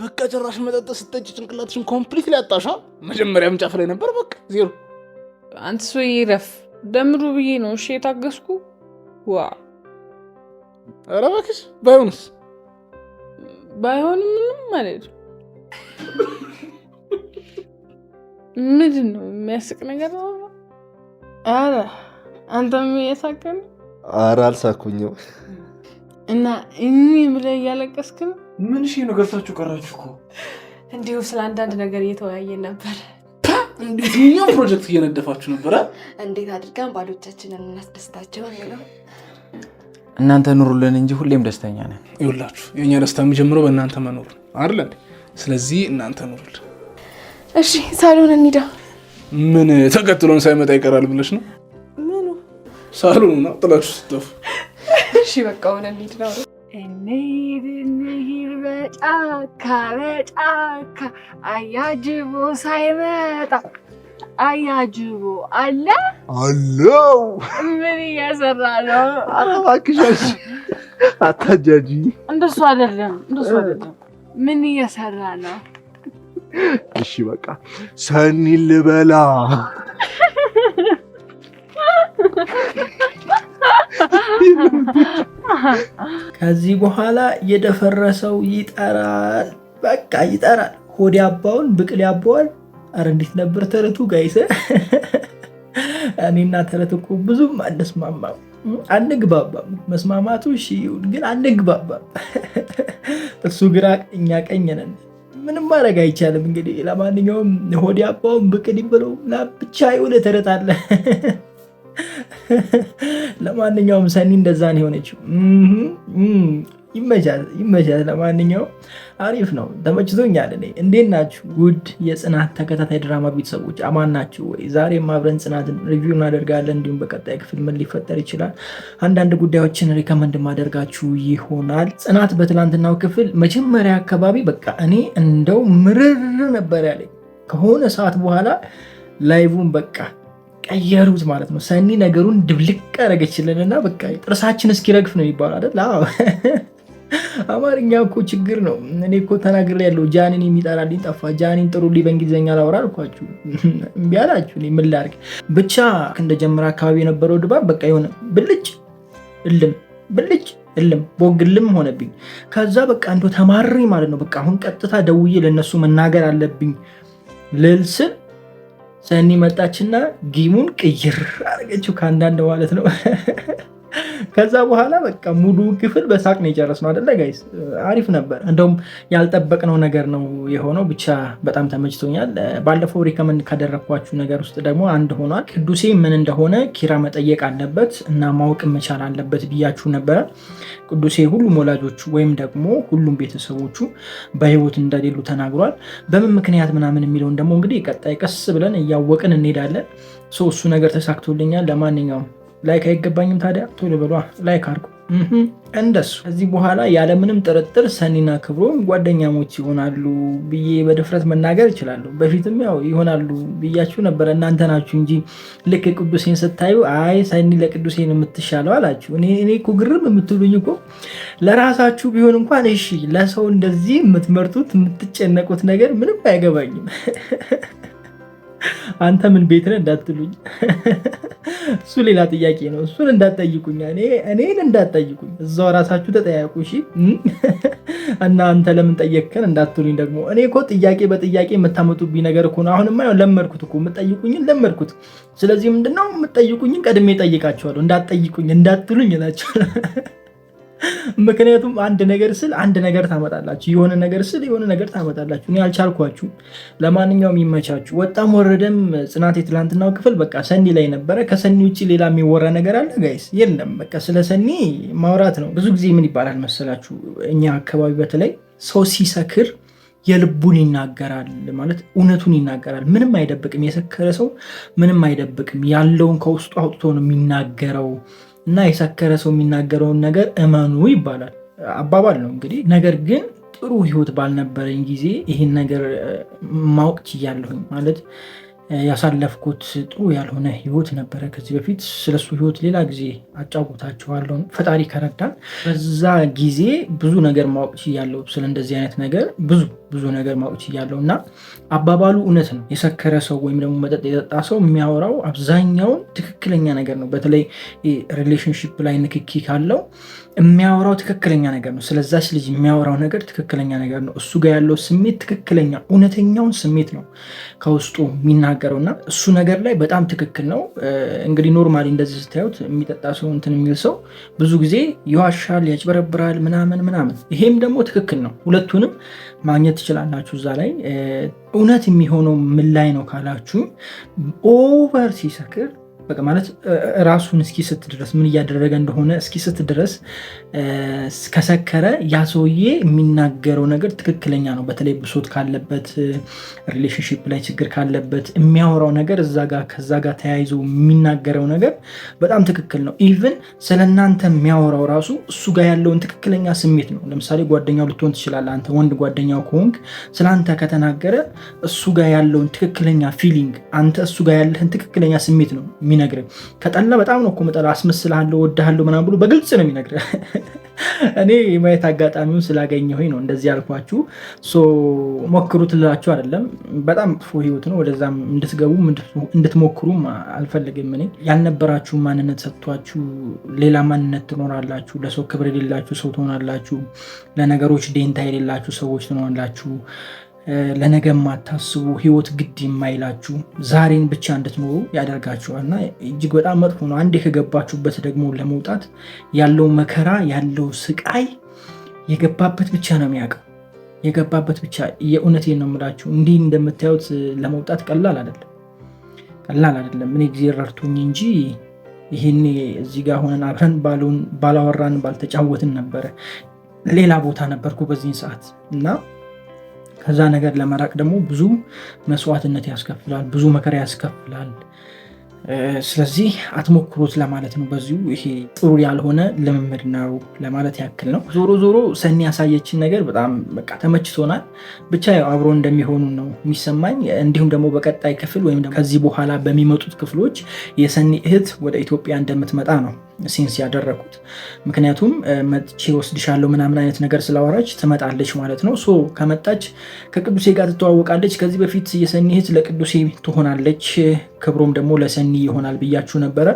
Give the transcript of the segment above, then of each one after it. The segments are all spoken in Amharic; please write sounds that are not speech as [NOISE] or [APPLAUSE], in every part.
በቃ ጭራሽ መጠጥ ስጠጭ ጭንቅላትሽን ኮምፕሊት ሊያጣሻ መጀመሪያም ጫፍ ላይ ነበር። በቃ ዜሮ። አንተ ሰው ይረፍ። ደምሩ ብዬ ነው እሺ የታገስኩ። ዋ ኧረ እባክሽ ባይሆንስ ባይሆን ምንም ማለት ነው። ምንድን ነው የሚያስቅ ነገር አረ ኧረ አንተም እየሳቀን። ኧረ አልሳኩኝም እና እኚህ ብለህ እያለቀስክ ነው? ምን ሺ ነው? ገብታችሁ ቀራችሁ እኮ። እንዲሁ ስለ አንዳንድ ነገር እየተወያየን ነበር። እንዴት ኛው ፕሮጀክት እየነደፋችሁ ነበረ? እንዴት አድርገን ባሎቻችንን እናስደስታቸው ነው። እናንተ ኑሩልን እንጂ ሁሌም ደስተኛ ነን። ይኸውላችሁ የእኛ ደስታ የሚጀምረው በእናንተ መኖር አይደል? ስለዚህ እናንተ ኑሩልን። እሺ ሳሎን እንሂዳ። ምን ተከትሎን ሳይመጣ ይቀራል ብለሽ ነው? ምኑ ሳሎኑ ጥላችሁ ስትጠፉ በቃ ሆነ እንሂድ ነው እንሂድ እንሂድ በጫካ በጫካ አያጅቦ ሳይመጣ አያጅቦ አለ አለው። ምን እያሰራ ነው? ኧረ እባክሽ አታጃጂ። እንደሱ አይደለም፣ እንደሱ አይደለም። ምን እየሰራ ነው? እሺ በቃ ሰኒ ልበላ ከዚህ በኋላ የደፈረሰው ይጠራል፣ በቃ ይጠራል። ሆዲ አባውን ብቅል ያባዋል። አረ እንዴት ነበር ተረቱ ጋይሰ? እኔና ተረት እኮ ብዙም አንስማማም፣ አንግባባም። መስማማቱ እሺ ይሁን፣ ግን አንግባባም። እሱ ግራ እኛ ቀኝ ነን። ምንም ማድረግ አይቻልም። እንግዲህ ለማንኛውም ሆዲ አባውን ብቅል ይበለው ምናምን ብቻ የሆነ ተረት አለ። [LAUGHS] ለማንኛውም ሰኒ እንደዛ ነው የሆነችው። ይመቻል ይመቻል። ለማንኛውም አሪፍ ነው ተመችቶኛል። እኔ እንዴት ናችሁ ውድ የጽናት ተከታታይ ድራማ ቤተሰቦች፣ አማን ናችሁ ወይ? ዛሬም አብረን ጽናትን ሪቪው እናደርጋለን። እንዲሁም በቀጣይ ክፍል ምን ሊፈጠር ይችላል አንዳንድ ጉዳዮችን ሪከመንድ ማደርጋችሁ ይሆናል። ጽናት በትናንትናው ክፍል መጀመሪያ አካባቢ በቃ እኔ እንደው ምርር ነበር ያለኝ። ከሆነ ሰዓት በኋላ ላይቡን በቃ ቀየሩት ማለት ነው። ሰኒ ነገሩን ድብልቅ ያደረገችልን እና በቃ ጥርሳችን እስኪረግፍ ነው ይባል አይደል? [LAUGHS] አማርኛ እኮ ችግር ነው። እኔ እኮ ተናግሬ ያለው ጃኒን የሚጠራልኝ ጠፋ። ጃኒን ጥሩልኝ በእንግሊዝኛ ላወራ አልኳችሁ፣ [LAUGHS] እምቢ አላችሁ። እኔ ምን ላድርግ? ብቻ እንደጀመረ አካባቢ የነበረው ድባብ በቃ የሆነ ብልጭ እልም ብልጭ እልም ቦግልም ሆነብኝ። ከዛ በቃ እንዶ ተማሪ ማለት ነው። በቃ አሁን ቀጥታ ደውዬ ለእነሱ መናገር አለብኝ ልልስን ሰኒ መጣችና ጊሙን ቅይር አረገችው ከአንዳንድ ማለት ነው። [LAUGHS] ከዛ በኋላ በቃ ሙሉ ክፍል በሳቅ ነው የጨረስነው አይደለ ጋይስ? አሪፍ ነበር። እንደውም ያልጠበቅነው ነገር ነው የሆነው። ብቻ በጣም ተመችቶኛል። ባለፈው ሪከመንድ ካደረግኳችሁ ነገር ውስጥ ደግሞ አንድ ሆኗል። ቅዱሴ ምን እንደሆነ ኪራ መጠየቅ አለበት እና ማወቅ መቻል አለበት ብያችሁ ነበረ። ቅዱሴ ሁሉም ወላጆቹ ወይም ደግሞ ሁሉም ቤተሰቦቹ በህይወት እንደሌሉ ተናግሯል። በምን ምክንያት ምናምን የሚለውን ደግሞ እንግዲህ ቀጣይ ቀስ ብለን እያወቅን እንሄዳለን። እሱ ነገር ተሳክቶልኛል። ለማንኛውም ላይክ አይገባኝም ታዲያ? ቶሎ በሏ ላይክ አድርጉ። እንደሱ ከዚህ በኋላ ያለምንም ጥርጥር ሰኒና ክብሮም ጓደኛሞች ይሆናሉ ብዬ በድፍረት መናገር እችላለሁ። በፊትም ያው ይሆናሉ ብያችሁ ነበረ። እናንተ ናችሁ እንጂ ልክ ቅዱሴን ስታዩ አይ ሰኒ ለቅዱሴን የምትሻለው አላችሁ። እኔ እኮ ግርም የምትሉኝ እኮ ለራሳችሁ ቢሆን እንኳን እሺ፣ ለሰው እንደዚህ የምትመርጡት የምትጨነቁት ነገር ምንም አይገባኝም። [LAUGHS] አንተ ምን ቤት ነህ እንዳትሉኝ፣ እሱ ሌላ ጥያቄ ነው። እሱን እንዳትጠይቁኝ፣ እኔን እንዳትጠይቁኝ፣ እዛው ራሳችሁ ተጠያቁ። እሺ እና አንተ ለምን ጠየቅከን እንዳትሉኝ ደግሞ። እኔ እኮ ጥያቄ በጥያቄ የምታመጡብኝ ነገር እኮ ነው። አሁንማ ለመድኩት እኮ የምጠይቁኝን ለመድኩት። ስለዚህ ምንድነው የምጠይቁኝን ቀድሜ ጠይቃቸዋለሁ። እንዳትጠይቁኝ እንዳትሉኝ እላቸዋለሁ። ምክንያቱም አንድ ነገር ስል አንድ ነገር ታመጣላችሁ፣ የሆነ ነገር ስል የሆነ ነገር ታመጣላችሁ። እኔ አልቻልኳችሁ ለማንኛውም ይመቻችሁ። ወጣም ወረደም ጽናት የትላንትናው ክፍል በቃ ሰኒ ላይ ነበረ። ከሰኒ ውጭ ሌላ የሚወራ ነገር አለ ጋይስ? የለም። በቃ ስለ ሰኒ ማውራት ነው። ብዙ ጊዜ ምን ይባላል መሰላችሁ፣ እኛ አካባቢ በተለይ ሰው ሲሰክር የልቡን ይናገራል። ማለት እውነቱን ይናገራል። ምንም አይደብቅም። የሰከረ ሰው ምንም አይደብቅም። ያለውን ከውስጡ አውጥቶ ነው የሚናገረው እና የሰከረ ሰው የሚናገረውን ነገር እመኑ ይባላል አባባል ነው እንግዲህ። ነገር ግን ጥሩ ህይወት ባልነበረኝ ጊዜ ይህን ነገር ማወቅ ችያለሁኝ። ማለት ያሳለፍኩት ጥሩ ያልሆነ ህይወት ነበረ ከዚህ በፊት። ስለሱ ህይወት ሌላ ጊዜ አጫውታችኋለሁ ፈጣሪ ከረዳን። በዛ ጊዜ ብዙ ነገር ማወቅ ችያለሁ ስለ እንደዚህ አይነት ነገር ብዙ ብዙ ነገር ማውጭ እያለው እና አባባሉ እውነት ነው። የሰከረ ሰው ወይም ደግሞ መጠጥ የጠጣ ሰው የሚያወራው አብዛኛውን ትክክለኛ ነገር ነው። በተለይ ሪሌሽንሽፕ ላይ ንክኪ ካለው የሚያወራው ትክክለኛ ነገር ነው። ስለዛች ልጅ የሚያወራው ነገር ትክክለኛ ነገር ነው። እሱ ጋር ያለው ስሜት ትክክለኛ እውነተኛውን ስሜት ነው ከውስጡ የሚናገረው እና እሱ ነገር ላይ በጣም ትክክል ነው። እንግዲህ ኖርማሊ እንደዚህ ስታዩት የሚጠጣ ሰው እንትን የሚል ሰው ብዙ ጊዜ ይዋሻል፣ ያጭበረብራል፣ ምናምን ምናምን። ይሄም ደግሞ ትክክል ነው። ሁለቱንም ማግኘት ትችላላችሁ። እዛ ላይ እውነት የሚሆነው ምን ላይ ነው ካላችሁ ኦቨር ሲሰክር በቃ ማለት ራሱን እስኪስት ድረስ ምን እያደረገ እንደሆነ እስኪስት ድረስ ከሰከረ ያ ሰውዬ የሚናገረው ነገር ትክክለኛ ነው። በተለይ ብሶት ካለበት፣ ሪሌሽንሽፕ ላይ ችግር ካለበት የሚያወራው ነገር እዛ ጋር ከዛ ጋር ተያይዞ የሚናገረው ነገር በጣም ትክክል ነው። ኢቭን ስለ እናንተ የሚያወራው ራሱ እሱ ጋር ያለውን ትክክለኛ ስሜት ነው። ለምሳሌ ጓደኛው ልትሆን ትችላለህ አንተ ወንድ ጓደኛው ከሆንክ ስለ አንተ ከተናገረ እሱ ጋር ያለውን ትክክለኛ ፊሊንግ አንተ እሱ ጋር ያለህን ትክክለኛ ስሜት ነው የሚነግር ከጠላ በጣም ነው እኮ አስመስልሃለሁ፣ ወድሃለሁ ምናምን ብሎ በግልጽ ነው የሚነግር [LAUGHS] እኔ የማየት አጋጣሚውን ስላገኘሁኝ ነው እንደዚህ ያልኳችሁ። ሞክሩት ልላችሁ አይደለም። በጣም ጥፎ ህይወት ነው። ወደዛም እንድትገቡ እንድትሞክሩም አልፈልግም እኔ። ያልነበራችሁ ማንነት ሰጥቷችሁ ሌላ ማንነት ትኖራላችሁ። ለሰው ክብር የሌላችሁ ሰው ትሆናላችሁ። ለነገሮች ደንታ የሌላችሁ ሰዎች ትኖራላችሁ። ለነገ የማታስቡ ህይወት ግድ የማይላችሁ ዛሬን ብቻ እንድትኖሩ ያደርጋችኋል እና እጅግ በጣም መጥፎ ነው። አንዴ ከገባችሁበት ደግሞ ለመውጣት ያለው መከራ ያለው ስቃይ የገባበት ብቻ ነው የሚያውቀው የገባበት ብቻ። የእውነት ነው የምላችሁ እንዲህ እንደምታዩት ለመውጣት ቀላል አይደለም፣ ቀላል አይደለም። እኔ ጊዜ ረድቶኝ እንጂ ይህን እዚህ ጋር ሆነን አብረን ባላወራን ባልተጫወትን ነበረ። ሌላ ቦታ ነበርኩ በዚህን ሰዓት እና ከዛ ነገር ለመራቅ ደግሞ ብዙ መስዋዕትነት ያስከፍላል፣ ብዙ መከራ ያስከፍላል። ስለዚህ አትሞክሩት ለማለት ነው። በዚሁ ይሄ ጥሩ ያልሆነ ልምምድ ነው ለማለት ያክል ነው። ዞሮ ዞሮ ሰኒ ያሳየችን ነገር በጣም በቃ ተመችቶናል። ብቻ ያው አብሮ እንደሚሆኑ ነው የሚሰማኝ። እንዲሁም ደግሞ በቀጣይ ክፍል ወይም ከዚህ በኋላ በሚመጡት ክፍሎች የሰኒ እህት ወደ ኢትዮጵያ እንደምትመጣ ነው ሲንስ ያደረኩት ምክንያቱም መጥቼ ወስድሻለሁ ምናምን አይነት ነገር ስላወራች ትመጣለች ማለት ነው። ሶ ከመጣች ከቅዱሴ ጋር ትተዋወቃለች። ከዚህ በፊት የሰኒ እህት ለቅዱሴ ትሆናለች፣ ክብሮም ደግሞ ለሰኒ ይሆናል ብያችሁ ነበረ።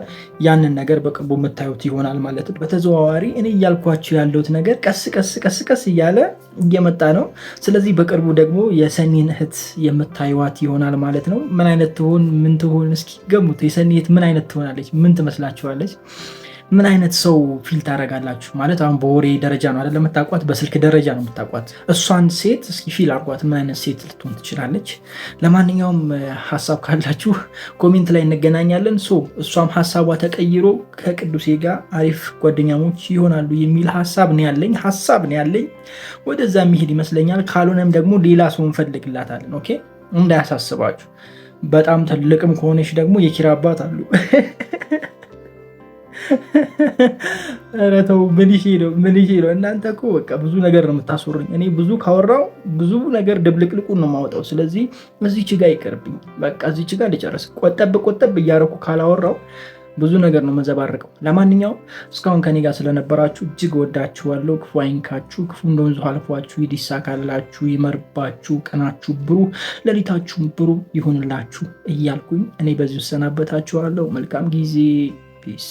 ያንን ነገር በቅርቡ የምታዩት ይሆናል ማለት ነው። በተዘዋዋሪ እኔ እያልኳቸው ያለሁት ነገር ቀስ ቀስ ቀስ ቀስ እያለ እየመጣ ነው። ስለዚህ በቅርቡ ደግሞ የሰኒን እህት የምታዩዋት ይሆናል ማለት ነው። ምን አይነት ትሆን ምን ትሆን እስኪ ገሙት። የሰኒ እህት ምን አይነት ትሆናለች? ምን ትመስላችኋለች? ምን አይነት ሰው ፊል ታደርጋላችሁ? ማለት አሁን በወሬ ደረጃ ነው አይደል የምታውቋት፣ በስልክ ደረጃ ነው የምታውቋት። እሷን ሴት እስኪ ፊል አርጓት፣ ምን አይነት ሴት ልትሆን ትችላለች? ለማንኛውም ሀሳብ ካላችሁ ኮሜንት ላይ እንገናኛለን። ሶ እሷም ሀሳቧ ተቀይሮ ከቅዱሴ ጋር አሪፍ ጓደኛሞች ይሆናሉ የሚል ሀሳብ ነው ያለኝ ሀሳብ ነው ያለኝ። ወደዛ የሚሄድ ይመስለኛል። ካልሆነም ደግሞ ሌላ ሰው እንፈልግላታለን። ኦኬ እንዳያሳስባችሁ። በጣም ትልቅም ከሆነች ደግሞ የኪራ አባት አሉ [LAUGHS] [LAUGHS] ኧረ ተው ምን ይሄ ነው? ምን ይሄ ነው? እናንተ እኮ በቃ ብዙ ነገር ነው የምታስወሩኝ። እኔ ብዙ ካወራው ብዙ ነገር ድብልቅልቁን ነው የማወጣው። ስለዚህ እዚህ ጋ ይቅርብኝ፣ በቃ እዚህ ጋ ልጨርስ። ቆጠብ ቆጠብ እያረኩ ካላወራው ብዙ ነገር ነው መዘባርቀው። ለማንኛውም እስካሁን ከኔ ጋር ስለነበራችሁ እጅግ ወዳችኋለሁ። ክፉ አይንካችሁ፣ ክፉ እንደ ወንዙ አልፏችሁ፣ ይዲሳካላችሁ፣ ይመርባችሁ፣ ቀናችሁ ብሩህ፣ ሌሊታችሁም ብሩህ ይሁንላችሁ እያልኩኝ እኔ በዚህ እሰናበታችኋለሁ። መልካም ጊዜ። ፒስ